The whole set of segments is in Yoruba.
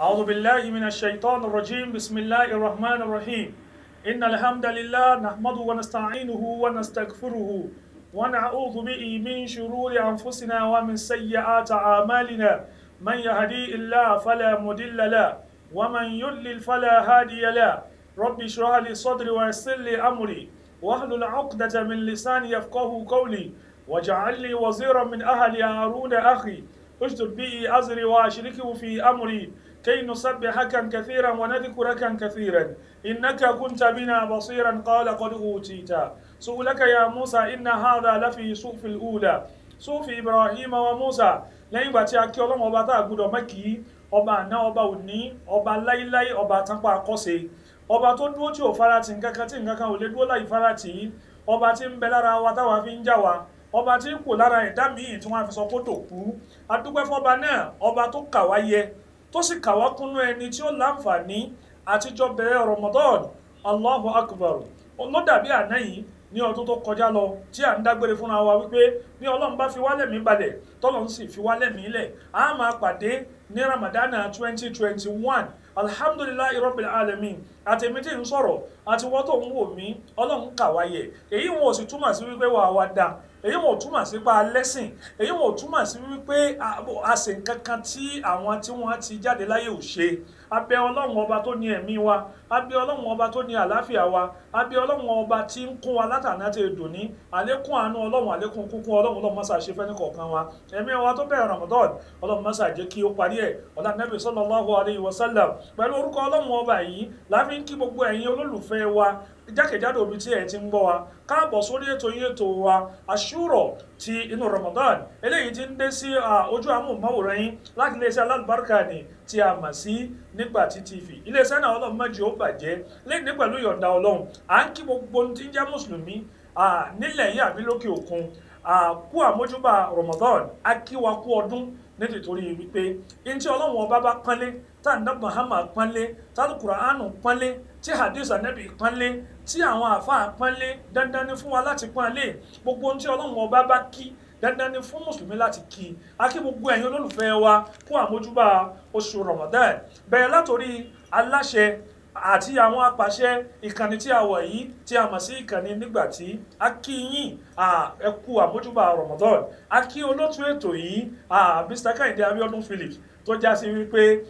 أعوذ بالله من الشيطان الرجيم بسم الله الرحمن الرحيم إن الحمد لله نحمده ونستعينه ونستغفره ونعوذ به من شرور أنفسنا ومن سيئات أعمالنا من يهدي الله فلا مضل له ومن يضلل فلا هادي له رب اشرح لي صدري ويسر لي أمري واحلل عقدة من لساني يفقه قولي واجعل لي وزيرا من أهل هارون أخي اشدد به أزري وأشركه في أمري كي نسبحك كثيرا ونذكرك كثيرا إنك كنت بنا بصيرا قال قد أوتيت سؤلك يا موسى إن هذا لفي صوف الأولى صوف إبراهيم وموسى لين باتي أكي وباتا أقول مكي ọba àná ọba òní ọba láíláí ọba àtàpá àkọ́sẹ̀ ọba tó dúró tí ò farati nkankan tí nkankan ò lè dúró láì farati ọba tí ń bẹ lára wa táwa fi ń jà wá ọba tí ń kò lára ẹ̀dá míì tí wọ́n fi sọ kó tó kú adúpẹ́ fọba náà ọba tó kà wá yẹ tó sì kàwá kúnú ẹni tí ó láǹfààní àtijọ́ bẹ̀rẹ̀ Ramadan Allahu Akbar ló dàbí àná yìí ní ọdún tó kọjá lọ tí a ń dágbére fúnra wa wípé bí ọlọ́run bá fi wálẹ̀ mí balẹ̀ tọ́lọ́run sì fi wálẹ̀ mí pàdé ní Ramadana alhamdulilayi àtẹ̀mí tí ń sọ̀rọ̀ àti wọ́n tó ń wò mí ọlọ́run èyí wọn ò sì túmọ̀ sí èyí wọn ò túmọ̀ sí pa lẹ́sìn èyí wọn ò túmọ̀ sí wípé a ṣe nǹkan kan tí àwọn tí wọ́n ti jáde láyé ò ṣe abẹ ọlọ́run ọba tó ní ẹ̀mí wa abẹ ọlọ́run ọba tó ní àlàáfíà wa abẹ ọlọ́run ọba tí ń kún wa látàná tẹ dùn ní àlékún àánú ọlọ́run àlékún kúnkún ọlọ́run ọlọ́run mọ́sá ṣe fẹ́ni kọ̀ọ̀kan wa ẹ̀mí wa tó bẹ̀rẹ̀ Ramadan ọlọ́run mọ́sá jẹ́ kí ó parí ẹ̀ ọ̀la nẹ́bí sallallahu alaihi wasallam pẹ̀lú orúkọ ọlọ́run ọba yìí láfi ń kí gbogbo ẹ̀yin olólùfẹ́ wa jákèjádò ibi tí ẹ̀ ti ń bọ̀ wa káàbọ̀ sórí ètò yín ètò wa àṣúrọ̀ ti inú Ramadan eléyìí ti ń dé sí ojú amóhùnmáwòrán yín láti iléeṣẹ́ alálùbáríkà ni tí a mọ̀ sí Nígbàtí TV iléeṣẹ́ náà ọlọ́run mọ́jú ó bàjẹ́ lẹ́yìn pẹ̀lú ìyọ̀ǹda ọlọ́run à ń kí gbogbo ohun tí ń jẹ́ mùsùlùmí nílẹ̀ yìí àbí lókè òkun kú àmójúbà Ramadan a kí wa kú ọdún nítorí wípé ní tí ọlọ́run ọba bá pánlé tá à ń dá Muhammad pọ́nlé tá Al-Qur'an pọ́nlé tí hadith anabi pọ́nlé tí àwọn àfáà pọ́nlé dandan ni fún wa láti pọ́nlé gbogbo ohun tí ọlọ́run ọba bá kí dandan ni fún mùsùlùmí láti kí i akí gbogbo ẹ̀yin olólùfẹ́ wa fún àmójúbà oṣù Ramadan bẹ̀rẹ̀ látòrí aláṣẹ àti àwọn apàṣẹ ìkànnì tí a wọ̀ yìí tí a mọ̀ sí ìkànnì nígbàtí a kí yín ẹ kú àmójúbà Ramadan a kí olótú ètò yìí Mr. Kehinde Abiodun Phillips tó já sí wípé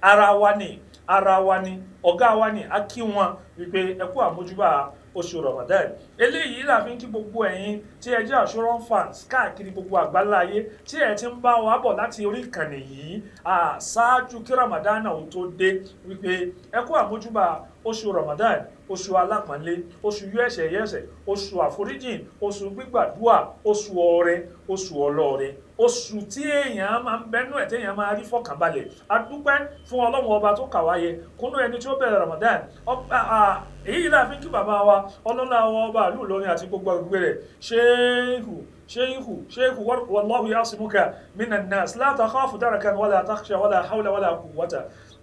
ara wa ni ara wa ni ọ̀gá wa ni a kí wọn wípé ẹ kú àmójúbà oṣù ramadan eléyìí la fi ń kí gbogbo ẹ̀yin tí ẹ jẹ́ assurance fans káàkiri gbogbo àgbáláyé tí ẹ ti ń bá wa bọ̀ láti orí ìkànnì yìí ṣáájú kí ramadan àwọn tó dé wípé ẹ kú àmójúbà oṣù ramadan oṣù alápọ̀nlé oṣù yẹ́sẹ̀yẹ́sẹ̀ oṣù àforíjìn oṣù gbígbàdúà oṣù ọrẹ oṣù ọlọ́ọrẹ oṣù tí èèyàn máa ń bẹnu ẹ̀ tí èèyàn máa rí fọkànbalẹ̀ a dúpẹ́ fún ọlọ́run ọba tó kà wáyé kúnú ẹni tí ó bẹ̀rẹ̀ Ramadan èyí láàfin kí bàbá wa ọlọ́lá àwọn ọba ìlú Ìlọrin àti gbogbo ẹgbẹ́ rẹ̀ ṣéèhù ṣéèhù ṣéèhù wallahu yasimuka minan nas la takhafu darakan wala takhsha wala hawla wala quwwata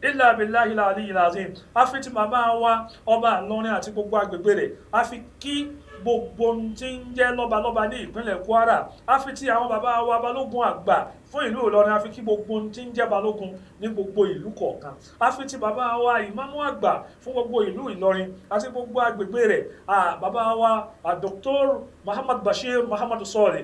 ilà abiláhi làlí ìlàzín a fi bàbá wa ọba Ìlọrin àti gbogbo agbègbè rẹ̀ a kí gbogbo ohun tí ń jẹ́ lọ́balọ́ba ní ìpínlẹ̀ Kwara àfi ti àwọn bàbá wa balógun àgbà fún ìlú Ìlọrin àfi kí gbogbo ohun tí ń jẹ́ balógun ní gbogbo ìlú kọ̀ọ̀kan àfi ti bàbá wa ìmámù àgbà fún gbogbo ìlú Ìlọrin àti gbogbo agbègbè rẹ̀ bàbá wa Dr. Muhammad Bashir Muhammad Sọ́ọ̀rẹ́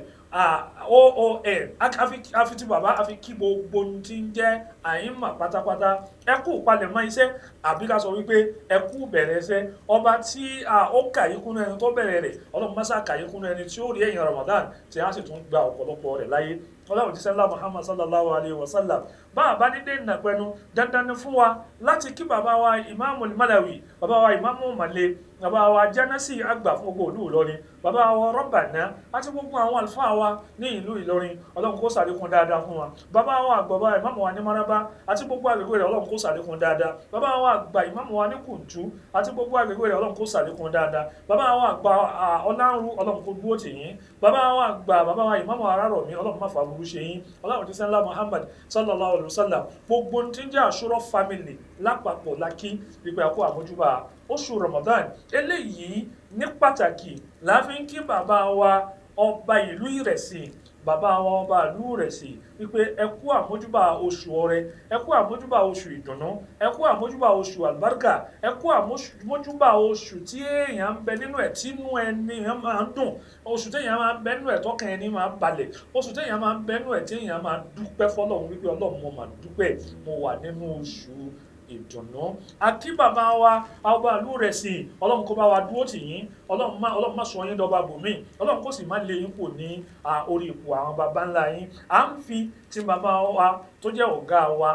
oon àfitì bàbá àfi kí gbogbo ohun tí ń jẹ́ àyínmà pátápátá ẹ kú palẹ̀mọ́ iṣẹ́ àbí ká sọ wípé ẹ kú bẹ̀rẹ̀ iṣẹ́ ọba tí ó kàyíkúnú ẹni tó bẹ̀rẹ̀ rẹ̀ ọlọ́run mọ́sá kàyíkúnú ẹni tí ó rí ẹ̀yìn Ramadan tí a sì tún gba ọ̀pọ̀lọpọ̀ rẹ̀ láyé ọlọ́run jíṣẹ́ ńlá Muhammad sallallahu alayhi wa sallam bá a bá ní dé ìnàpẹnu dandan ni fún wa láti kí bàbá wa ìmáàmù Malawi bàbá wa ìmáàmù Male bàbá wa jẹ́nẹ́sì àgbà fún gbogbo ìlú Ìlọrin bàbá wa Rọ́bànà àti gbogbo àwọn àlùfáà wa ní ìlú Ìlọrin Ọlọ́run kó ṣàlékún dáadáa fún wa bàbá wa àgbàbá ìmáàmù wa ní Maraba àti gbogbo agbègbè rẹ̀ Ọlọ́run kó ṣàlékún dáadáa bàbá wa àgbà ìmáàmù wa ní Kùjú àti gbogbo agbègbè rẹ̀ Ọlọ́run kó ṣàlékún dáadáa bàbá wa àgbà Ọlárun Ọlọ́run kó dúró tì yín bàbá wa àgbà bàbá wa ìmáàmù Arárọ̀mí Ọlọ́run má Muhammad sallallahu alaihi wasallam gbogbo tí ń jẹ́ àṣúrọ̀ family lápapọ̀ lákì ìpè àkó àmójúbà oṣù Ramadan eléyìí ní pàtàkì láfi ń kí bàbá wa ọba ìlú Ìrẹsì bàbá wa ọba ìlú rẹ̀ sí wípé ẹ kú àmójúbà oṣù ọrẹ ẹ kú àmójúbà oṣù ìdùnnú ẹ kú àmójúbà oṣù àlùbáríkà ẹ kú àmójúbà oṣù tí èèyàn ń bẹ nínú ẹ̀ tí inú ẹni máa ń dùn oṣù téèyàn máa ń bẹ nínú ẹ̀ tọ́kàn ẹni máa ń balẹ̀ oṣù téèyàn máa ń bẹ nínú ẹ̀ téèyàn máa dúpẹ́ fọlọ́run wípé ọlọ́run mo mà dúpẹ́ mo wà nínú oṣù ìdùnnú àti bàbá wa ọba ìlú rẹ̀ sí i ọlọ́run kó bá wa dúró tì yín ọlọ́run má sọ yín dọba bòmí ọlọ́run kó sì má lé yín kò ní orí ipò àwọn baba ńlá yín à ń fi ti bàbá wa tó jẹ́ ọ̀gá wa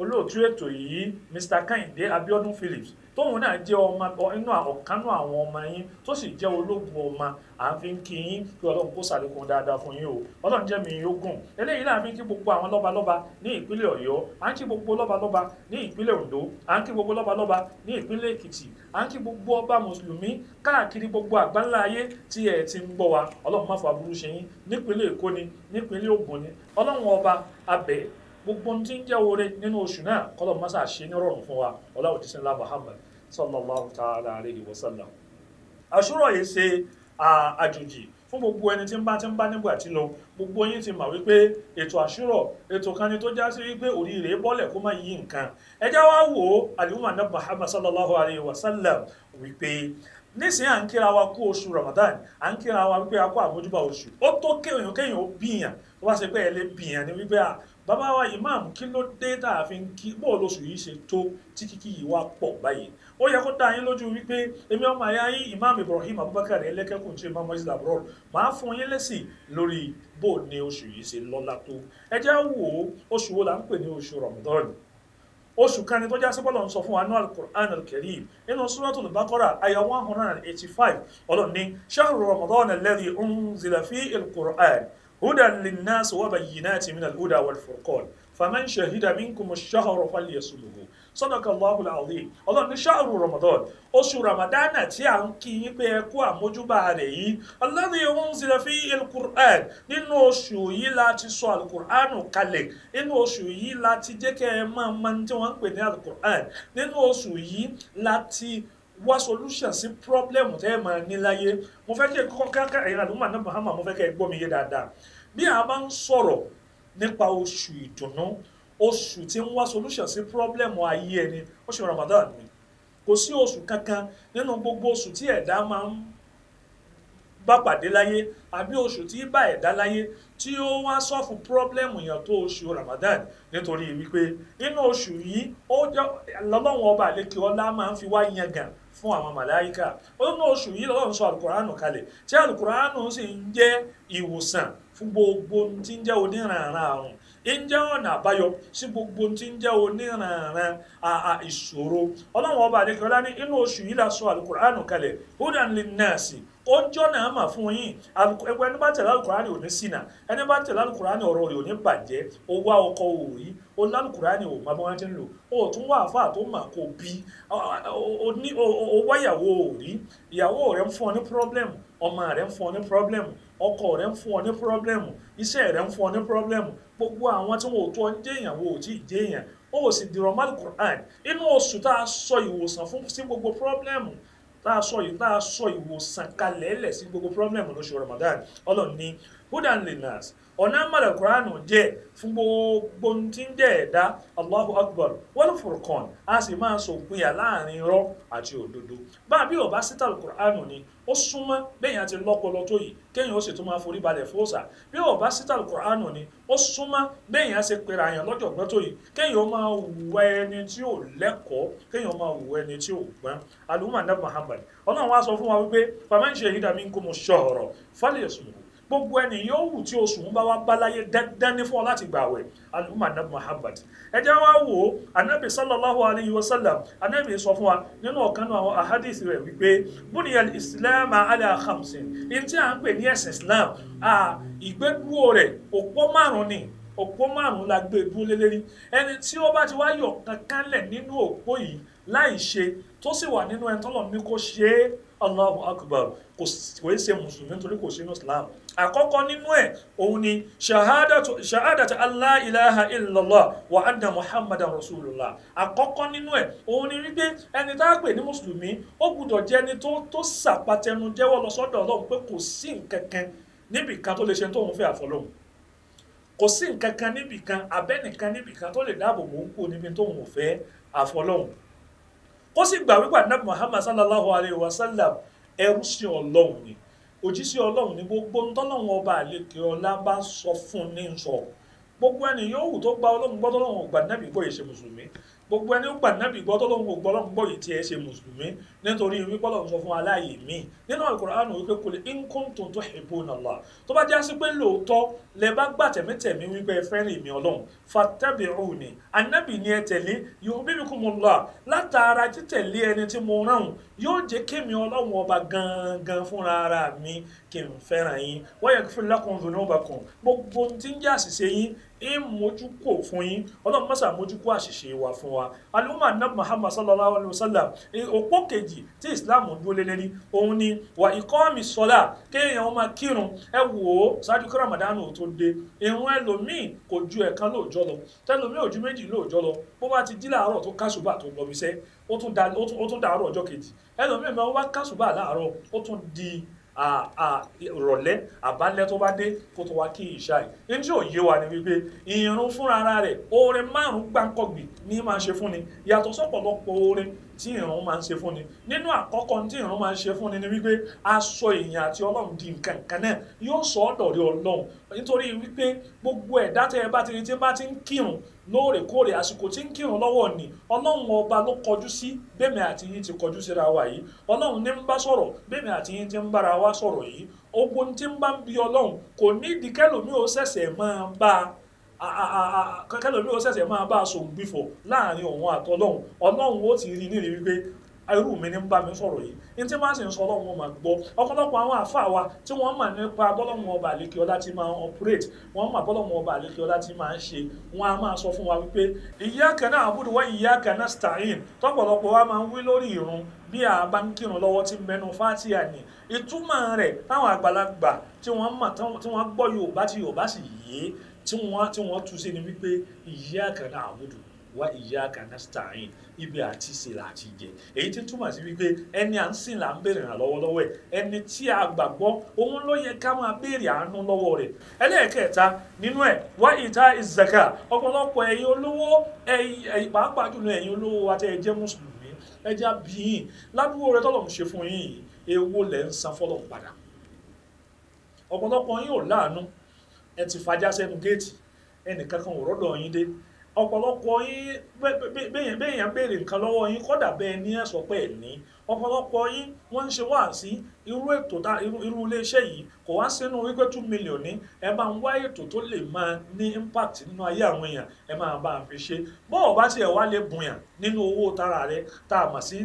olóòtú ètò yìí mr kehinde abiodun phillips tóun náà jẹ́ ọmọ inú ọ̀kanú àwọn ọmọ yín tó sì jẹ́ ológun ọmọ à ń fi ń kí yín kí ọlọ́run kó ṣàlékún dáadáa fún yín o ọlọ́run jẹ́ mi yóò gùn eléyìí náà fi ń kí gbogbo àwọn lọ́balọ́ba ní ìpínlẹ̀ ọ̀yọ́ à ń kí gbogbo lọ́balọ́ba ní ìpínlẹ̀ ondo à ń kí gbogbo lọ́balọ́ba ní ìpínlẹ̀ èkìtì à ń kí gbogbo ọba mùsùlùmí káàkiri gbogbo àgbáńlá ayé tí ẹ ti ń gbọ́ wa ọlọ́run má fa burú ṣe yín nípínlẹ̀ èkó ni nípínlẹ̀ ògùn ni ọlọ́run ọba abẹ́ gbogbo ní ti ń jẹ́ naa, nínú oṣù náà ṣe ní rọrùn fún wa ọlá òjíṣẹ́ ńlá Muhammad sallallahu ta'ala alayhi wa sallam yìí ṣe àjòjì fún gbogbo ẹni tí ń bá tí ń bá nígbà tí lọ gbogbo yín ti mà wípé ètò àṣúrọ̀ ètò kan ni tó já sí wípé bọ́lẹ̀ kó má yí nǹkan wá wò ó Muhammad sallallahu alayhi wa sallam wípé nísìnyí à ń kíra wa kú oṣù Ramadan à ń kíra wa wípé a kó àmójúbà oṣù ó tó kéèyàn kéèyàn ó bìyàn pé ẹ bàbá wa imam kí ló dé tá a fi ń kí bó lóṣù yìí ṣe tó tí kíkí yìí wá pọ̀ báyìí ó yẹ kó dá yín lójú wípé èmi ọmọ àyà yín imam ibrahim abubakar ẹlẹ́kẹ̀kùn tí imam masjid abroad máa fún yín lẹ́sìn lórí bó ni oṣù yìí ṣe lọ́lá tó ẹ jẹ́ wò ó oṣù wo là ń pè ní oṣù ramadan oṣù kan ni tó já sí ń sọ fún wa ní alukur'an alkarim nínú suratul baqara aya one hundred and eighty five ọlọ́ni shahru ramadan alladhi unzila fi alkur'an hudan linnas wa bayyinatin min al-huda wal furqan faman shahida minkum ash-shahra falyasumhu sadaqa Allahu al-azim Ọlọ́run ní shahru ramadan oṣù ramadana tí a ń kí yín pé ẹ kú àmójúbà rẹ̀ yìí alladhi unzila fihi al-qur'an nínú oṣù yìí láti sọ al-qur'an kalẹ̀ nínú oṣù yìí láti jẹ́ kẹ́ ẹ máa máa ń tí wọ́n ń al-qur'an nínú oṣù yìí láti wá solution sí problem tẹ́ ẹ̀ máa ní láyé mo fẹ́ kí ẹ̀kọ́ káàkiri ẹ̀yìn àdúgbò náà mahama mo fẹ́ kí ẹ gbọ́ mi yé dáadáa bí a bá ń sọ̀rọ̀ nípa oṣù ìdùnnú oṣù tí ń wá solution sí problem ayé ẹni oṣù Ramadan ni kò sí oṣù kankan nínú gbogbo oṣù tí ẹ̀dá máa ń bá pàdé láyé àbí oṣù tí bá ẹ̀dá láyé tí ó wá sọ́ọ̀fù pírọ́blẹ́mù yẹn tó oṣù Ramadan nítorí wípé nínú oṣù yìí ó jẹ́ lọ́lọ́run ọba àlekè ọlá máa ń fi wá yangàn fún àwọn màláìkà ó ní oṣù yìí lọ́lọ́run sọ àlùkùránù kalẹ̀ tí àlùkùránù sì ń jẹ́ ìwòsàn fún gbogbo tí ń jẹ́ oníranran àrùn ń jẹ́ ọ̀nà àbáyọ gbogbo tí ń jẹ́ oníranran ìṣòro ọlọ́run ọba àdékọ́lá ní inú oṣù yìí la sọ àlùkùránù kalẹ̀ hudan lin ó ń jọ́nà àmà fún yín ẹni bá tẹ̀lé alukurani ò ní ṣìnà ẹni bá tẹ̀lé alukurani ọ̀rọ̀ rẹ̀ ò ní bàjẹ́ ó wá ọkọ òòrí o ní alukurani ò máa bá wọn ti ń lò o tún wá àfa tó mà kó bí ó wá ìyàwó òòrí ìyàwó rẹ̀ ń fún ọ ní problem ọmọ rẹ̀ ń fún ọ ní problem ọkọ rẹ̀ ń fún ọ ní problem iṣẹ́ rẹ̀ ń fún ọ ní problem gbogbo àwọn tí wọn ò tó ọ ń jẹ́yàn wọn ò tí ì jẹ́yàn ó sì dìrọ̀ tá a sọ yìí tá a sọ ìwòsàn kalẹ̀ lẹ̀ sí gbogbo problem lóṣù Ramadan ọlọ́run ní hudan linas ọ̀nà àmàlà kuranu jẹ́ fún gbogbo tí ń jẹ́ eda allahu akbar wal furqan a sì máa so òpinya láàrin irọ́ àti òdodo bá a bí ọba sítà kuranu ni ó súnmọ́ bẹ́yìn àti lọ́pọlọ tó yìí ó sì tún máa forí fóòsà bí ọba sítà ni ó súnmọ́ bẹ́yìn àti pèrè àyàn lọ́jọ́ gbọ́n tó yìí kéèyàn ó máa wùwẹ́ ẹni tí ò lẹ́kọ̀ọ́ kéèyàn ó máa ẹni tí ò náà muhammad sọ fún wa wípé gbogbo ẹni yóò wù tí oṣù ń bá wa bá láyé dandan ní fún ọ láti gbà wẹ̀ alùpùpù anabi muhammad ẹ jẹ́ wá wò ó anabi sallallahu alayhi wa sallam anabi sọ fún wa nínú ọ̀kan àwọn ahadith rẹ̀ wípé buniyal islam ala khamsin ní tí ń pè ní ẹ̀sìn islam ìgbẹ́dúró rẹ̀ òpó márùn ni òpó márùn-ún la gbé dúró lélẹ́rí ẹni tí ó bá ti wá yọ̀ kankanlẹ̀ nínú òpó yìí láì ṣe tó sì wà nínú ẹni tọ́lọ̀ ní kó ṣe é allahu akbar kò í ṣe mùsùlùmí nítorí kò sínú islam àkọ́kọ́ nínú ẹ̀ òun ni ṣahadatu allah ilaha illallah wa anna muhammadan rasulullah àkọ́kọ́ nínú ẹ̀ òun ni wípé ẹni tá a pè ní mùsùlùmí ó gbúdọ̀ jẹ́ ẹni tó tó sàpàtẹnu jẹ́wọ́ lọ sọ́dọ̀ ọlọ́run pé kò sí nǹkankan níbìkan tó lè ṣe tóun fẹ́ àfọlọ́hun kò sí nǹkankan níbìkan abẹ́nìkan níbìkan tó lè dáàbò bò ń kú níbi tóun ò fẹ́ àfọlọ́hun kó sì gbà wípé ànábì muhammad sallallahu alayhi wa sallam ẹrú sí ọlọ́run ni òjíṣẹ́ ọlọ́run ni gbogbo ń tọ́lọ́run ọba àlekè ọlá bá sọ fún ní sọ gbogbo ẹni yóò wù tó gba ọlọ́run gbọ́dọ̀ ọlọ́run ọgbà nábì kó yẹ ṣe mùsùlùmí gbogbo ẹni ó gbà nábì gbọ́ tó lóun kò gbọ́ lọ́n gbọ́ yìí tí ẹ ṣe mùsùlùmí nítorí wípé lọ́n sọ fún aláàyè míì nínú Al-Qur'an wípé qul in kuntum tuhibbuna Allah tó bá jásí pé lóòótọ́ lẹ bá gbà tẹ̀mítẹ̀mí wípé ẹ fẹ́ràn èmi ọlọ́run fattabi'uni anábì ni ẹ tẹ̀lé yuhbibkumullah látara títẹ̀lé ẹni tí mo rán yóò jẹ́ kémi ọlọ́run ọba gangan fúnra ara mi kí n fẹ́ràn yín wa yaghfir lakum dhunubakum gbogbo tí ń jẹ́ àṣìṣe yín ń mójúkò fún yín ọlọ́run mọ́sà mójúkò àṣìṣe wa fún wa alùmọ̀ anábì muhammad sallallahu alayhi wa sallam òpó kejì tí islam dúró lé lẹ́ni òun ni wà ìkọ́mi sọ́lá kéèyàn ó máa kírun ẹ wò ó ṣáájú kí ramadan tó dé ìrun ẹlòmíì kò ju ẹ̀kan lóòjọ́ lọ tẹlòmíì ò ju méjì lóòjọ́ lọ bó bá ti jí láàárọ̀ tó kásùbà tó lọ bíṣẹ́ ó tún dàárọ̀ ọjọ́ kejì ẹlòmíì di ìrọ̀lẹ́ àbálẹ́ tó bá dé kó tó wá kí ìṣá yìí ní tí ò yé wa ni wípé ìrun fúnra rẹ̀ oore márùn-ún gbáǹkọ̀gbì ní máa ṣe fún ni yàtọ̀ sọ́pọ̀lọpọ̀ oore tí ìrun máa ń ṣe fúnni nínú àkọ́kọ́ tí ìrun máa ń ṣe fúnni ni wípé aṣọ èèyàn àti ọlọ́run di nǹkan kan náà yóò sọ ọ́ dọ̀rẹ́ ọlọ́run nítorí wípé gbogbo ẹ̀dá tẹ́ ẹ bá ti rí tí bá ti ń kírun lóòrèkóòrè àsìkò tí ń kírun lọ́wọ́ ni ọlọ́run ọba ló kọjú sí bẹ́ẹ̀mẹ̀ àti yín ti kọjú síra wa yìí ọlọ́run ní ń bá sọ̀rọ̀ bẹ́ẹ̀mẹ̀ àti yín ti ń bára wa sọ̀rọ̀ yìí ogun tí ń bá ń bi ọlọ́run kò ní ìdíkẹ́lòmí ó ṣẹ̀ṣẹ̀ máa bá a kẹ́lẹ́ mi ò ṣẹ̀ṣẹ̀ máa bá a sòun gbìfọ̀ láàrin òun àtọlọ́hun ọlọ́run ó ti rí nílẹ̀ wípé irú mi ní bá mi sọ̀rọ̀ yìí ní tí máa sì ń sọ ọlọ́run ọmọ gbọ́ ọ̀pọ̀lọpọ̀ àwọn àfáà wa tí wọ́n mọ̀ nípa bọ́lọ́run ọba àlékè ọlá tí máa operate wọ́n mọ̀ bọ́lọ́run ọba àlékè ọlá tí máa ń ṣe wọ́n á máa sọ fún wa wípé iyyaka na'budu wa iyyaka nasta'in tọ́pọ̀lọpọ̀ wa máa ń wí lórí ìrun bí a ń kírun lọ́wọ́ tí mẹ́nu fátíà ni ìtumọ̀ rẹ̀ táwọn àgbàlagbà tí wọ́n mọ̀ tí wọ́n gbọ́ Yorùbá tí Yorùbá sì yé tí wọ́n tí wọ́n tún sí ni wípé iyyaka wa iyyaka nasta'in ibi àti ṣe láti jẹ èyí tí túmọ̀ sí wípé ẹni à ń sìn là ń lọ́wọ́lọ́wọ́ ẹ̀ ẹni tí a gbàgbọ́ òun ló yẹ ká máa béèrè àánú lọ́wọ́ rẹ̀ ẹlẹ́ẹ̀kẹta nínú ẹ̀ wá ìta ìzàkà ọ̀pọ̀lọpọ̀ ẹ̀yin olówó ẹ̀yin pàápàá jùlọ ẹ̀yin olówó wa tẹ́ ẹ jẹ́ mùsùlùmí rẹ tọ́lọ̀ ń ṣe fún yín lẹ́ ń san ẹ ti fàájà sẹ́nu géètì ẹnìkan kankan ò rọ́dọ̀ yín dé ọ̀pọ̀lọpọ̀ yín béèyàn béèrè nǹkan lọ́wọ́ yín kọ́dà bẹ́ẹ̀ ní ẹ̀sọ́ pẹ́ ní ọ̀pọ̀lọpọ̀ yín wọ́n ń ṣe wá sí irú ètò irú iléeṣẹ́ yìí kò wá sínú wípé two million ní ẹ máa ń wá ètò tó lè máa impact nínú ayé àwọn èèyàn ẹ máa fi ṣe bọ́ọ̀ bá wá lè bùnyàn nínú tara rẹ tá a mọ̀ sí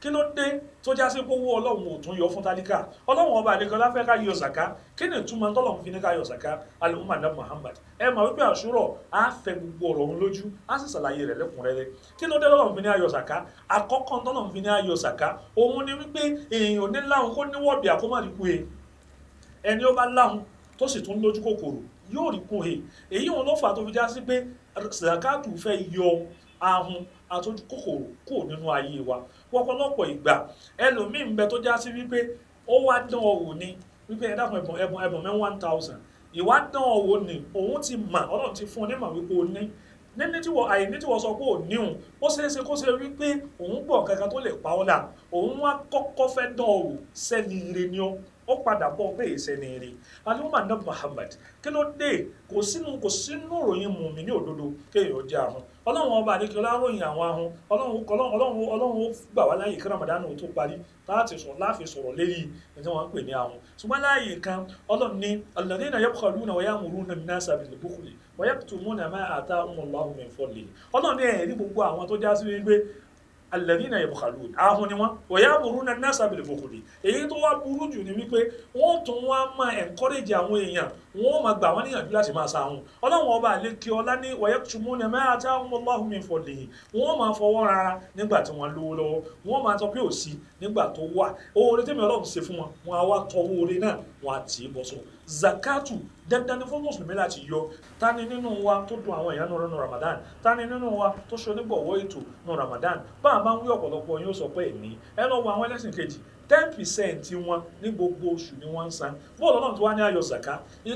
kí ló dé tó já sí kówó ọlọ́run ò tún yọ fún tálíkà ọlọ́run ọba àlekọ́ láfẹ́ ká yọ zàká kí ni ìtumọ̀ tọ́lọ́run fi ní ká yọ zàká alimumana muhammad ẹ mà wípé àṣúrọ̀ á fẹ gbogbo ọ̀rọ̀ òun lójú á sì ṣàlàyé rẹ̀ lẹ́kùnrẹ́rẹ́ kí ló dé tọ́lọ́run fi ní ayọ̀ zàká àkọ́kọ́ tọ́lọ́run fi ní ayọ̀ zàká òun ni wípé èèyàn ní láhùn kó níwọ̀bì àkómọ̀lìkù ẹ ẹni ó bá láhùn tó sì tún lójú kòkòrò yóò rí kóhe èyí òun ló fà tó wọ́pọ̀lọpọ̀ ìgbà ẹlòmíì ń bẹ tó já sí wípé ó wá dán ọ wò ni wípé ẹ dákun ẹ̀bùn ẹ̀bùn ẹ̀bùn mẹ́ one thousand ìwá dán ọ wò ni òun ti mà ọlọ́run ti fún ọ ní mà wípé o ní níní tí wọ́n àìní tí wọ́n sọ pé ò níhùn ó ṣeé ṣe kó ṣe rí pé òun bọ̀ kankan tó lè pa ọ́ là òun wá kọ́kọ́ fẹ́ dán ọ sẹ́ni ire ni ọ́ ó padà bọ̀ pé ìsẹ̀ni rí alimọ̀ anab Muhammad kí ló dé kò sínú kò sínú ròyìn mùmí ní òdodo kéèyàn jẹ́ ahun ọlọ́run ọba àdékè ọlọ́run àwọn ahun ọlọ́run ọlọ́run gbà wá láàyè kí Ramadan tó parí láti sọ̀rọ̀ láàfi sọ̀rọ̀ lérí ẹni tí pè ní ahun ṣùgbọ́n láàyè kan ọlọ́run ní alladhina yabkhaluna wa ya'muruna an-nasa bil-bukhli wa yaktumuna ma atahumullahu min fadlihi ọlọ́run ní ẹ̀rí gbogbo àwọn tó já wípé alladhina yabkhalun ahun ni wọn wa ya'muruna an-nasa bil-bukhli èyí tó wá burú jù ni wípé wọ́n tún wá máa encourage àwọn èèyàn wọ́n máa gbà wọ́n níyànjú láti máa sa àwọn ọlọ́run ọba àlékè ọlá ní wa yaktumuna ma atahumullahu min fadlihi wọ́n máa fọwọ́ rárá nígbà tí wọ́n lówó lọ́wọ́ wọ́n máa sọ pé ò sí nígbà tó wà oore tẹ́mi ọlọ́run ṣe fún wọn wọn á wá tọwọ́ oore náà wọn á tì í bọ́ sọ́wọ́ zakatu dandan ni fún mùsùlùmí láti yọ ta ni nínú wa tó dun àwọn èèyàn nínú ramadan ta ni nínú wa tó ṣe onígbọ̀wọ́ ètò nínú ramadan bá a bá ń wí ọ̀pọ̀lọpọ̀ yóò sọ pé èmi ẹ lọ wo àwọn ẹlẹ́sìn kejì ten percent wọn ní gbogbo oṣù ni wọ́n ń san bọ́ọ̀lù ọlọ́run tí wọ́n á ní ayọ̀ zaka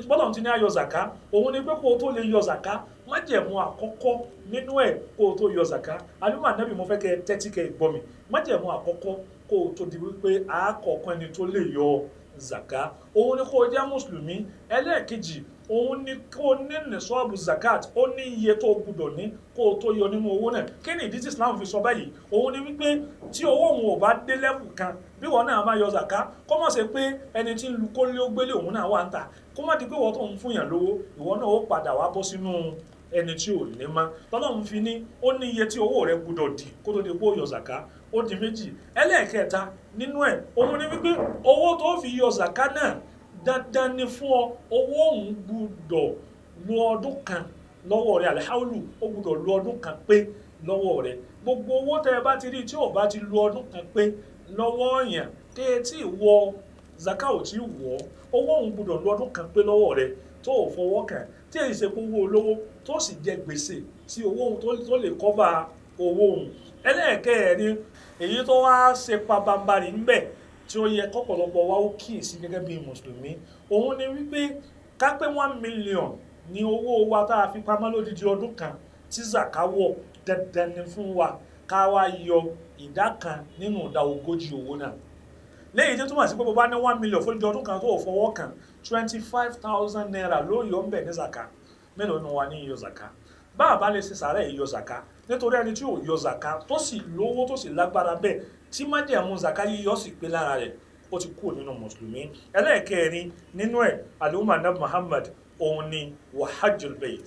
bọ́ọ̀lù tí ní ayọ̀ zaka òun ni pé kó o tó lè yọ zaka májẹ̀mú àkọ́kọ́ nínú ẹ̀ kó o tó yọ zaka alúmọ̀ ànábì mo fẹ́ kẹ́ tẹ́tí kẹ́ gbọ́ mi májẹ̀mú àkọ́kọ́ kó o tó di wípé àákọ̀ọ́kan ẹni tó lè yọ zaka òun ni kó o jẹ́ mùsùlùmí ẹlẹ́ẹ̀kejì òun ni kó o ní nìṣọ́ọ̀bù zakat ó ní iye tó o gbúdọ̀ ní kó o tó yọ nínú owó náà kí ni ìdí tí Islam fi sọ báyìí òun ni wípé tí owó òun ò bá dé lẹ́wù kan bí wọn náà máa yọ zaka kó mọ̀ sí pé ẹni tí ń lu kólé ó gbélé òun náà wà ń ta kó má di pé wọ́n tó ń fún yàn lówó ìwọ náà ó padà wá bọ́ sínú ẹni tí ò ní má tọ́lọ́run fi ní ó ní iye tí owó rẹ gbúdọ̀ dì kó tó di pé ó yọ zaka ó di méjì ẹlẹ́ẹ̀kẹta nínú ẹ̀ òun ni wípé owó tó fi yọ zaka náà dandan ni fún ọ owó òun gbúdọ̀ lu ọdún kan lọ́wọ́ rẹ alihawulu ó gbúdọ̀ lu ọdún kan pé lọ́wọ́ rẹ gbogbo owó tẹ bá ti rí tí ò bá ti lu ọdún kan pé lọ́wọ́ yẹn tẹ ẹ wọ zaka ò tí wọ owó òun gbúdọ̀ lu ọdún kan pé lọ́wọ́ rẹ tó o fọwọ́ kàn tí èyí ṣe kó owó olówó tó sì jẹ gbèsè sí owó òun tó lè kọ́fà owó òun ẹlẹ́ẹ̀kẹ́ẹ̀rin èyí tó wá ṣe pabambarì ńbẹ̀ tí ó yẹ kọpọlọpọ wa ó kíyèsí gege bí mùsùlùmí òun ni wípé ká one million ní owó wa tá a fi pamọ́ lódidi ọdún kan tí zaka wọ̀ dandan ni fún wa ká wá yọ ìdá kan nínú ìdá ogójì owó náà léyìí tó túmọ̀ sí pé bàbá ní one million fún ọdún kan tó ò fọwọ́ kan twenty five thousand naira ní zaka mélòó ni zaka bá a bá lè ṣe sàárẹ̀ yìí zaka nítorí ẹni tí ò yọ zaka tó sì lówó tó sì lágbára bẹ́ẹ̀ tí májẹ̀mú zaka yíyọ sì pé lára rẹ̀ ó ti kúrò nínú mùsùlùmí ẹlẹ́ẹ̀kẹrin nínú ẹ̀ àlùmọ̀ náà Muhammad òun ni wahajul bayt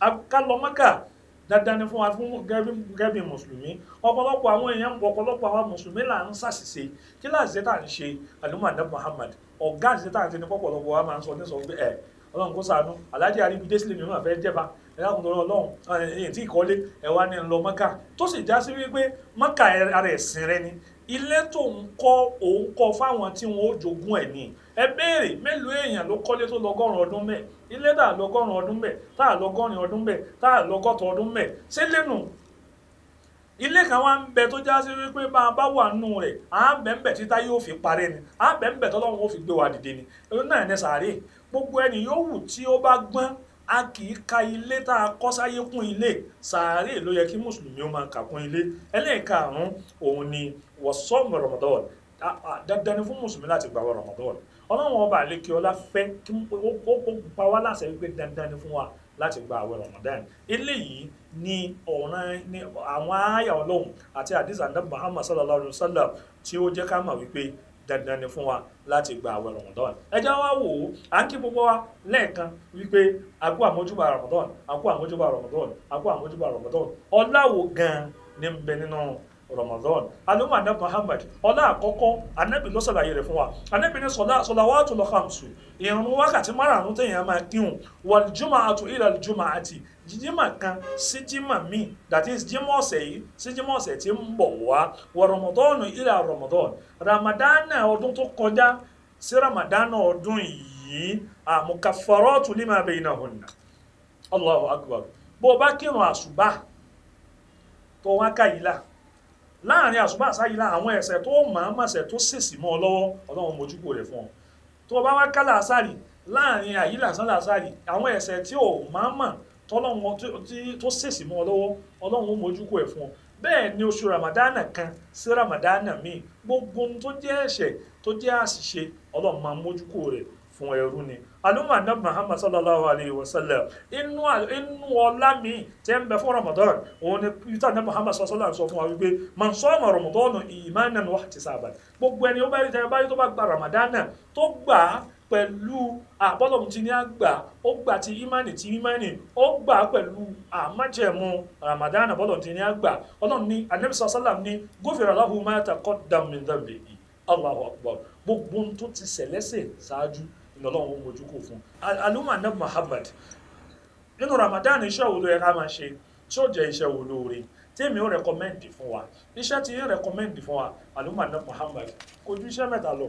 akálọ́mọ́kà dandan ni fún wa fún gẹ́gẹ́ bí mùsùlùmí ọ̀pọ̀lọpọ̀ àwọn èèyàn ọ̀pọ̀lọpọ̀ àwọn mùsùlùmí là ń ṣàṣìṣe kí láàṣẹ tá à ń ṣe àlùmọ̀dá Muhammad ọ̀gá àṣìṣe tá à ń ṣe ní pọ̀pọ̀lọpọ̀ wa máa ń sọ ní sọ pé ẹ̀ ọlọ́run kó ṣàánú aláàjì àríbi dé sílẹ̀ mìíràn fẹ́ jẹba ẹ̀dákùn tó lọ́wọ́ ẹ̀yìn tí ìkọlé ẹ̀wá ni ń maka tó sì já wípé maka ara ni ilé tó ń kọ òun kọ fáwọn tí wọ́n ó jogún ni ẹ béèrè mélòó èèyàn ló kọ́lé tó lọ́gọ́rùn ọdún ilé tá a lọ́gọ́rùn ọdún tá a lọ́gọ́rin ọdún tá a lọ́gọ́tọ̀ ọdún ṣé lẹ́nu ilé kan bá wà nù fi ni à ń ń ó fi gbé wa dìde gbogbo ẹni yóò wù tí ó bá gbọ́n a kì í ka ilé tá a kọ́ sáyé kún ilé sàárè ló yẹ kí mùsùlùmí ó máa kà kún ilé ẹlẹ́ẹ̀karùn-ún òun ni wọ́sọ́ọ̀mù rọ̀mọdọ́ọ̀lù dandan ni fún mùsùlùmí láti gbà wọ rọ̀mọdọ́ọ̀lù ọlọ́run ọba àlekí ọlá fẹ́ kí ó pa wá láṣẹ wípé dandan ni fún wa láti gba àwẹ̀ ramadan eléyìí ni ọ̀ràn ni àwọn àyà ọlọ́run àti àdìsàn Muhammad sallallahu alayhi wa sallam tí ó jẹ́ ká mọ̀ wípé dandan ni fún wa láti gba àwẹ̀ rọ̀mọ̀dọ́n ẹ jẹ́ wò ó à ń kí gbogbo wa lẹ́ẹ̀kan wípé àkú àmójúbà rọ̀mọ̀dọ́n àkú àmójúbà rọ̀mọ̀dọ́n àkú àmójúbà rọ̀mọ̀dọ́n ọláwo gan-an ni ń bẹ nínú rọmọdọn alimu anabi muhammad ọlá àkọ́kọ́ anabi ló ṣàlàyé rẹ̀ fún wa anabi ní sọláwàtú lọ́kàmsù ìrun wákàtí márùn-ún téèyàn máa kírun wàlìjúmọ̀ àtò ìlàlìjúmọ̀ àti jijima kan sijima mi that is jímọ̀ ọ̀sẹ̀ yìí sí jímọ̀ wa tí ń bọ̀ ramadan wọ ila rọmọdọ́ọ̀nù ramadana ọdún tó kọjá sí ramadana ọdún yìí àmukaffaratu lima baynahunna allahu akbar bó o bá kírun àṣùbà la láàrin la àwọn tó tó fún ọ tó o bá wá láàrin àwọn tí tọ́lọ́run tó ṣèṣì mọ́ ọ lọ́wọ́ ọlọ́run ó mójú kó ẹ̀ fún ọ bẹ́ẹ̀ ni oṣù ramadana kan sí ramadana míì gbogbo ohun tó jẹ́ ẹ̀ṣẹ̀ tó jẹ́ àṣìṣe ọlọ́run máa mójú kó rẹ̀ fún ẹrú ni alumma anabi muhammad sallallahu alayhi wa sallam inú inú ọlá mi tẹ́ ń bẹ fún ramadan òun ni peter anabi muhammad sallallahu alayhi wa sallam sọ fún wa wípé man sọ́ọ̀mà ramadan imanan wa ihtisaban gbogbo ẹni ó bá rí tẹ́ bá rí tó bá gba ramadana tó gbà pẹ̀lú àbọ́lọ̀mù tí ní àgbà ó gbà ti imani ti imani ó gbà pẹ̀lú àmájẹ̀mú Ramadan àbọ́lọ̀mù tí ní àgbà ọlọ́run ní Ànábì sallam ní gufira lahu ma taqaddam min dhanbihi Allahu akbar gbogbo tó ti ṣẹlẹ́sẹ̀ ṣáájú ìlọ́lọ́run ó mojú kò fún aluma Ànábì Muhammad nínú Ramadan iṣẹ́ wo ló yẹ ká máa ṣe tí ó jẹ́ iṣẹ́ wo lóore tí èmi ó rẹkọmẹ́ǹdì fún wa iṣẹ́ tí ó fún wa aluma Ànábì Muhammad kò ju iṣẹ́ mẹ́ta lọ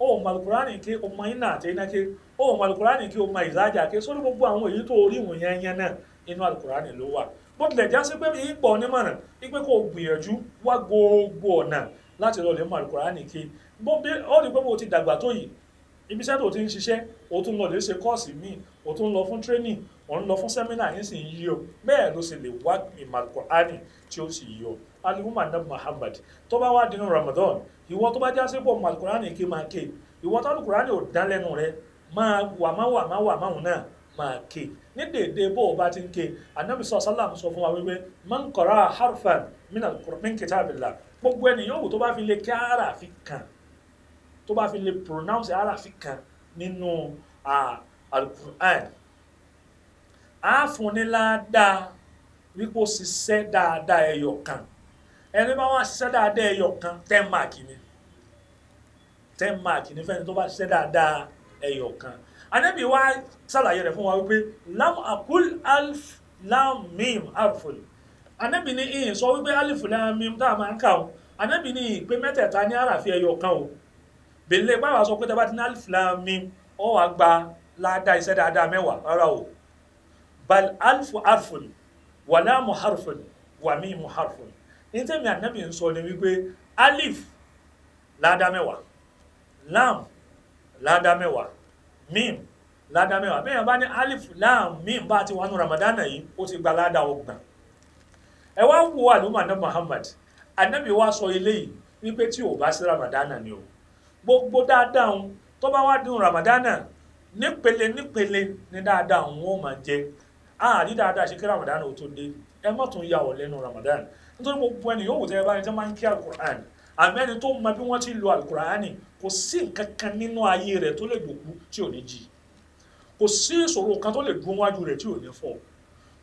ó mọ alukurani ké ó mọ iná àti iná ké ó mọ alukurani ké ó mọ ìzájà ké sórí gbogbo àwọn èyí tó orí ìwọ̀n yẹn yẹn náà inú alukurani ló wà bó tilẹ̀ já sí pé ipò onímọ̀ràn ipe kò gbìyànjú wá gbogbo ọ̀nà láti lọ lè mọ alukurani bó bí ó rí pé mo ti dàgbà tó yìí ibiṣẹ́ tó ti ń ṣiṣẹ́ o tún lọ lè ṣe kọ́ọ̀sì míì o tún lọ fún training o ń lọ fún sẹ́mínà yín sì ń yí o bẹ́ẹ̀ ló sì lè wá ìmọ̀ tí ó sì yí o alihuma nabi muhammad tó bá wá dínú ramadan ìwọ tó bá já sí pọ̀ mọ́ alukurani ké máa ké ìwọ tó alukurani ò dán lẹ́nu rẹ máa wà má wà má wà máhùn náà máa ké ní dèédéé bó o bá ti ń ké anabi sọ sálàm sọ fún wa wípé man qara harfan min kitabillah gbogbo ẹni yòówù tó bá fi lè ké àràfi kan tó bá fi lè pronounce àràfi kan nínú alukuran àfúnilá dáa wípé ó ṣiṣẹ́ dáadáa ẹyọ kan ẹni bá wọn ṣiṣẹ́ dáadáa ẹyọ kan ten mark ni ten mark ni fẹ́ni tó bá ṣiṣẹ́ dáadáa ẹyọ kan anabi wa ṣàlàyé rẹ̀ fún wa wípé lam akul alf lam mim alful anabi ní ìyìn sọ wípé alif lam mim tá a máa ń kà o anabi ní ìpè mẹ́tẹ̀ẹ̀ta ní àràfi ẹyọ kan o bèlè báwa sọ pé tẹ́bá ti ní alif lam mim ọ wàá gba ládàá iṣẹ́ dáadáa mẹ́wàá rárá o bal alfu alfun wàlámù harfun wàmímù harfun. ní mi ànábì nsọ sọ ni wípé alif laada mẹ́wàá lam laada mẹ́wàá mim laada mẹ́wàá bẹ́ẹ̀ yẹn bá ní alif lam mim bá ti wà nù ramadan yìí ó ti gba laada ọgbọ̀n ẹ wá wo àlùmọ̀ muhammad ànábì wa sọ eléyìí wípé tí o bá sí ramadan ni o gbogbo dáadáa ń tó bá wá dín ramadan nípele nípele ní dáadáa ń wọ́n máa jẹ́ àárí dáadáa ṣe kí ramadan ó tó dé ẹ má tún ya ọ̀ lẹ́nu ramadan nítorí gbogbo ẹni yóò wò tẹ́ ẹ báyìí tẹ́ máa ń kí alukur'an àmì ẹni tó mọ bí wọ́n ti lo alukur'ani kò sí nǹkan kan nínú ayé rẹ̀ tó lè dòkú tí ò ní jì kò sí ìṣòro kan tó lè dún wájú rẹ̀ tí ò ní fọ́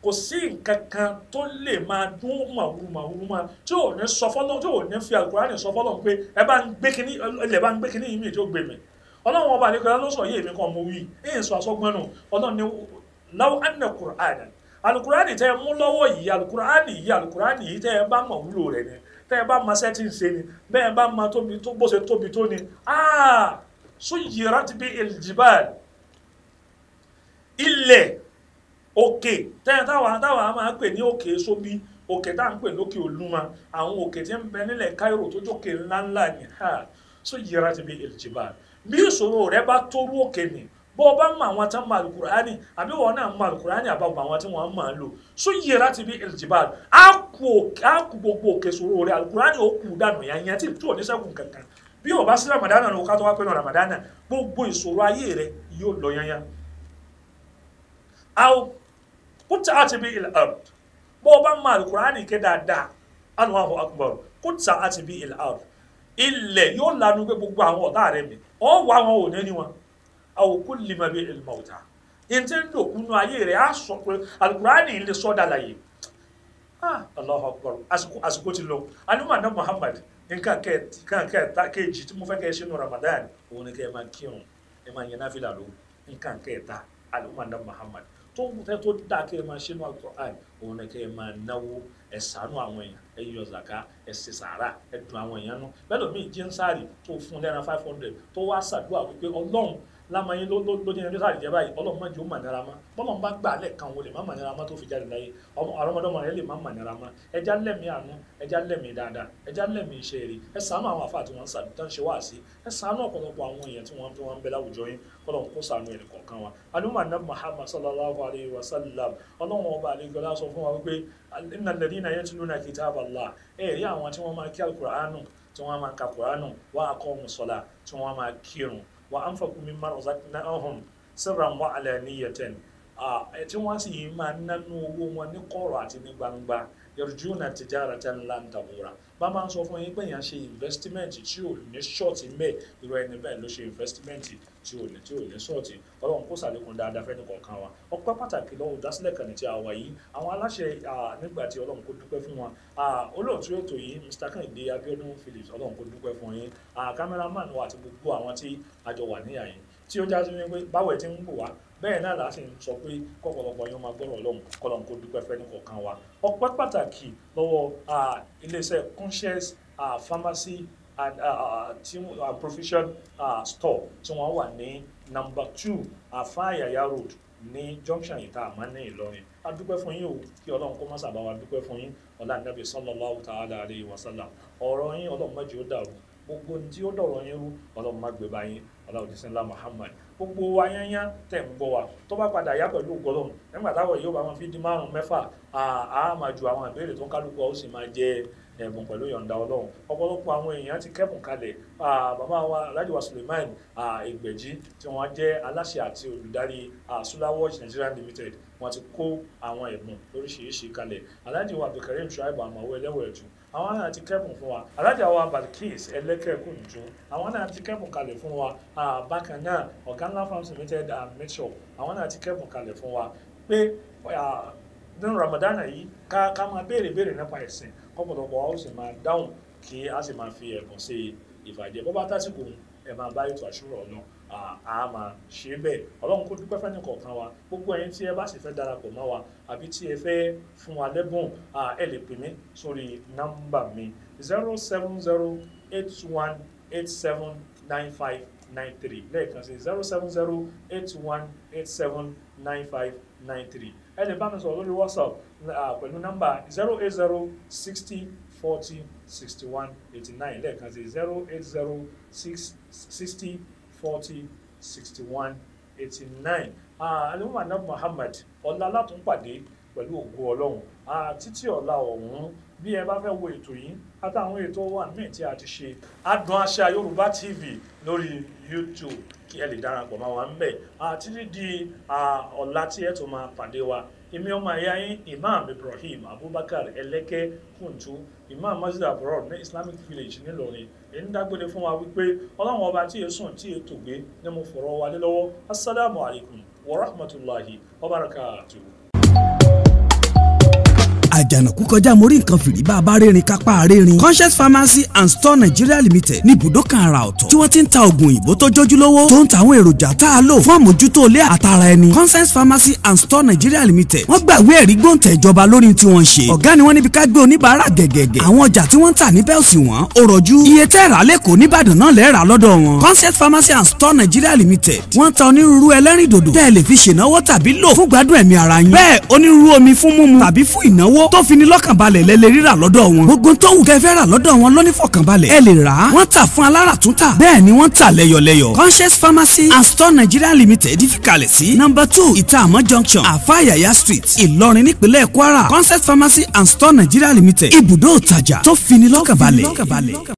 kò sí nǹkan kan tó lè máa dún màwúrú màwúrú máa tí ò ní sọ fọlọ́ tí ò ní fi alukur'ani sọ fọlọ́ pé ẹ bá ń gbé kínní ẹ bá ń gbé kínní yìí mi tí ó gbé mi ọlọ́run ọba àdékọ́lá ló sọ yé mi kan mo wí ẹ̀yìn sọ asọ́gbọ́n nù ọlọ́run ní law anna qur'ana alukurani tẹ́ ẹ mú yìí alukurani yìí alukurani yìí tẹ́ ẹ bá mọ̀ wúlò rẹ̀ ni ẹ bá ma sẹ́tì se ni bẹ́ẹ̀ bá ma tóbi tó bó ṣe tóbi tó ni aa suyirat bi eljibal jibal òkè tẹ́ ẹ táwa táwa máa pè ní òkè sóbi òkè tá à ń pè lókè olúmọ àwọn òkè tí ń bẹ tó jókè ni ha bi al bí ìṣòro rẹ ni bó o bá ń mọ àwọn tán mọ alukurani àbí wọn náà mọ alukurani àbáwọ àwọn tí wọn máa ń lò so yẹ láti bí ìjìbáàlù á kú gbogbo òkè sòrò rẹ alukuraani ó kú dànù yányá tí tí ò ní ṣẹ́gun kankan bí o bá sí ramadana ló ká tó wá pé náà ramadana gbogbo ìṣòro ayé rẹ yóò lọ yányá. aw kulli ma bi ilmauta ntẹ ń dòkú nu ayé rẹ á sọ pé alukurani lè sọ dà láyé ah Allahu Akbar àsìkò àsìkò ti lọ anuma na Muhammad nǹkan kẹ nǹkan kẹ ta kejì tí mo fẹ́ kẹ́ ẹ sínú Ramadan òun ni kẹ́ ẹ máa kírun ẹ máa yẹn náfìlà ló nǹkan kẹ ta anuma na Muhammad tó ń fẹ́ tó dá kẹ́ ẹ máa sínú alukurani òun ni kẹ́ ẹ máa náwó ẹ ṣàánú àwọn èèyàn ẹ yọ zaka ẹ ṣe sàárà ẹ dun àwọn èèyàn five hundred tó wá ṣàdúrà wípé Ọlọ́run lámà yín ló dín ẹni sáré jẹ báyìí ọlọ́run má jẹ́ ó mà nira mọ́ bọ́lọ̀ bá gbà lẹ́ẹ̀kan o lè má mà nira mọ́ tó fi jáde láyé àrọ́mọdọ́mọ rẹ lè má mà nira mọ́ ẹja lẹ́mìí àánú ẹja lẹ́mìí dáadáa ẹja lẹ́mìí iṣẹ́ rere ẹ ṣàánú àwọn àfáà tí wọ́n ń sàbí tán ṣe wá sí ẹ ṣàánú ọ̀pọ̀lọpọ̀ àwọn èèyàn tí wọ́n tí wọ́n ń bẹ láwùjọ yín kọ́lọ́n kó ṣàánú ẹnì kọ̀ọ̀kan wa alúmọ̀ Muhammad sallallahu alayhi wa sallam ọlọ́run ọba àlejòlá sọ fún wa wípé innal ladhina yatluna kitaballah ẹ̀rí àwọn tí wọ́n máa kí alukùránù tí wọ́n máa ka kùránù wa aqamu sọ̀la tí wọ́n máa kírun wa anfaqu mimma razaqnahum sirran wa alaniyatan tí wọ́n sì máa nánú owó wọn ní kọ̀rọ̀ àti ní gbangba yarjuna tijaratan lan tamura bá máa ń sọ fún yín pé èèyàn ṣe investment tí ò ní ṣọ́ọ̀tì mẹ́ irú ẹni bẹ́ẹ̀ ló ṣe investment tí ò ní tí ò ní ṣọ́ọ̀tì ọlọ́run kó ṣàlékún dáadáa fẹ́ni kọ̀ọ̀kan wa ọpẹ́ pàtàkì lọ́wọ́ dásílẹ̀ kàní tí a wà yìí àwọn aláṣẹ nígbà tí ọlọ́run kó dúpẹ́ fún wa olóòtú ètò yìí Mr. Kẹ́hìndé Abíọ́dún Phillips ọlọ́run kó dúpẹ́ fún yín cameraman wa àti gbogbo àwọn tí a jọ wà níyà yìí tí ó já sí wípé báwo ẹ ti ń gbò wá bẹ́ẹ̀ náà la sì ń sọ pé kọ́pọ̀lọpọ̀ yẹn máa gbọ́rọ̀ lọ́hùn kọ́lọ́n kó dúpẹ́ fẹ́ nìkọ̀ọ̀kan wa ọpẹ́ pàtàkì lọ́wọ́ iléeṣẹ́ conscious pharmacy and provision store tí wọ́n wà ní number two afáàyàyà road ní junction yìí tá a máa ń ní Ìlọrin a dúpẹ́ fún yín o kí Ọlọ́run kó má sábà wa dúpẹ́ fún yín ọlá nàbì sallallahu ta'ala alayhi wa sallam ọ̀rọ̀ yín Ọlọ́run má jẹ́ ó dàrú gbogbo ní tí ó dọ̀rọ̀ yín rú Ọlọ́run má gbé bá yín ọlá òjíṣẹ́ ńlá Muhammad gbogbo wa yányán tẹ̀ ń gbọ́ wa tó bá padà yá pẹ̀lú gọlọ́m nígbà táwọn yóò bá wọn fi di márùn mẹ́fà á máa ju àwọn ìbéèrè tó ń kálukú ó sì máa jẹ ẹ̀bùn pẹ̀lú yọ̀ǹda ọlọ́run ọ̀pọ̀lọpọ̀ àwọn èèyàn ti kẹ́bùn kalẹ̀ bàbá wa alhaji wa suleiman ìgbẹ̀jì tí wọ́n jẹ́ aláṣẹ àti olùdarí sulawesi nigeria limited wọ́n ti kó àwọn ẹ̀bùn lóríṣiríṣi kalẹ̀ alhaji wa abdulkareem tribe àmọ̀wé ẹlẹ́wẹ̀ẹ́dùn àwọn náà ti kẹ́bùn fún wa alájà wa Balkis ẹlẹ́kẹ̀kùnjú àwọn náà ti kẹ́bùn kalẹ̀ fún wa bákan náà ọ̀gá ńlá farms limited and make sure àwọn náà ti kẹ́bùn kalẹ̀ fún wa pé nínú Ramadan yìí ká ká máa béèrè béèrè nípa ẹ̀sìn kọ́pọ̀lọpọ̀ wa ó sì máa dáhùn kí a sì máa fi ẹ̀bùn sí ìfàjẹ́ bó bá tásìkò ẹ̀ máa bá ètò àṣírò ọ̀nà a máa ṣe bẹ́ẹ̀ ọlọ́run kó dúpẹ́ fẹ́ni kọ̀ọ̀kan wa gbogbo ẹ̀yin tí ẹ bá sì fẹ́ darapọ̀ mọ́ wa àbí tí ẹ fẹ́ fún wa lẹ́bùn ẹ lè pè mí sórí nọ́mbà mi zero seven zero eight one eight seven nine five nine three lẹ́ẹ̀kan sí zero seven zero eight one eight seven nine five nine three ẹ lè bá mi sọ̀rọ̀ lórí whatsapp pẹ̀lú nọ́mbà zero eight zero sixty forty sixty one eighty nine lẹ́ẹ̀kan sí zero eight zero sixty 40 61 89 àlùmọ́ anab Muhammad ọ̀la látúnpàdé pẹ̀lú ògo ọlọ́run títí ọ̀la ọ̀hún bí ẹ bá fẹ́ wo ètò yìí àtàwọn ètò wà míì tí a ti ṣe Adùn Àṣà Yorùbá TV lórí YouTube kí ẹ lè darapọ̀ máa wà ń bẹ̀ títí di ọ̀la tí ẹ tó máa pàdé wa èmi ọmọ ẹ̀yà yín Imam Ibrahim Abubakar Ẹlẹ́kẹ́ Kùntù imam masjid abroad ní islamic village nílọrin èyí ń dágbére fún wa wípé ọlọ́run ọba tí èsùn tí ètò gbé ni mo fọ̀rọ̀ wa lé lọ́wọ́ assalamu wa rahmatulahi wa barakatuhu àjànàkú kọjá mórí nǹkan fìrí bá a bá rérin kápá rérin conscious pharmacy and store nigeria limited ní ibùdókàn àrà ọ̀tọ̀ tí wọ́n ti ń ta oògùn òyìnbó tó jójúlówó tó ń ta àwọn èròjà tá a lò fún àmójútó ilé àtara ẹni conscious pharmacy and store nigeria limited wọ́n gbà ìwé ẹ̀rí gbóǹtẹ̀ ìjọba lórí tí wọ́n ń ṣe ọ̀gá ni wọ́n níbi ká gbé oníbàárà gẹ̀gẹ̀gẹ̀ àwọn ọjà tí wọ́n ń ní bẹ́ẹ̀sì wọn ò rọ̀jú iye tẹ́ rà lẹ́kọ̀ọ́ níbàdàn náà lẹ́ẹ̀rà lọ́dọ̀ wọn conscious pharmacy and store nigeria limited wọ́n ta onírúurú ẹlẹ́rìndòdò tẹ́ ẹ lè fi ṣènáwó tàbí lò fún gbádùn ẹ̀mí ara yín bẹ́ẹ̀ onírúurú omi fún mímu tàbí fún ìnáwó lówó tó fi ni lọ́kànbalẹ̀ lẹ lè rírà lọ́dọ̀ wọn gbogbo tó wù kẹ́ fẹ́ rà lọ́dọ̀ wọn lọ́ní fọkànbalẹ̀ ẹ lè rà á wọ́n tà fún alára tún tà bẹ́ẹ̀ ni wọ́n tà lẹ́yọ̀lẹ́yọ̀ conscious pharmacy and store nigeria limited ìfikàlẹ̀ sí number two ìtààmọ́ junction àfàyàyà street ìlọrin nípínlẹ̀ kwara conscious pharmacy and store nigeria limited ibùdó ìtajà tó fini ni lọ́kànbalẹ̀.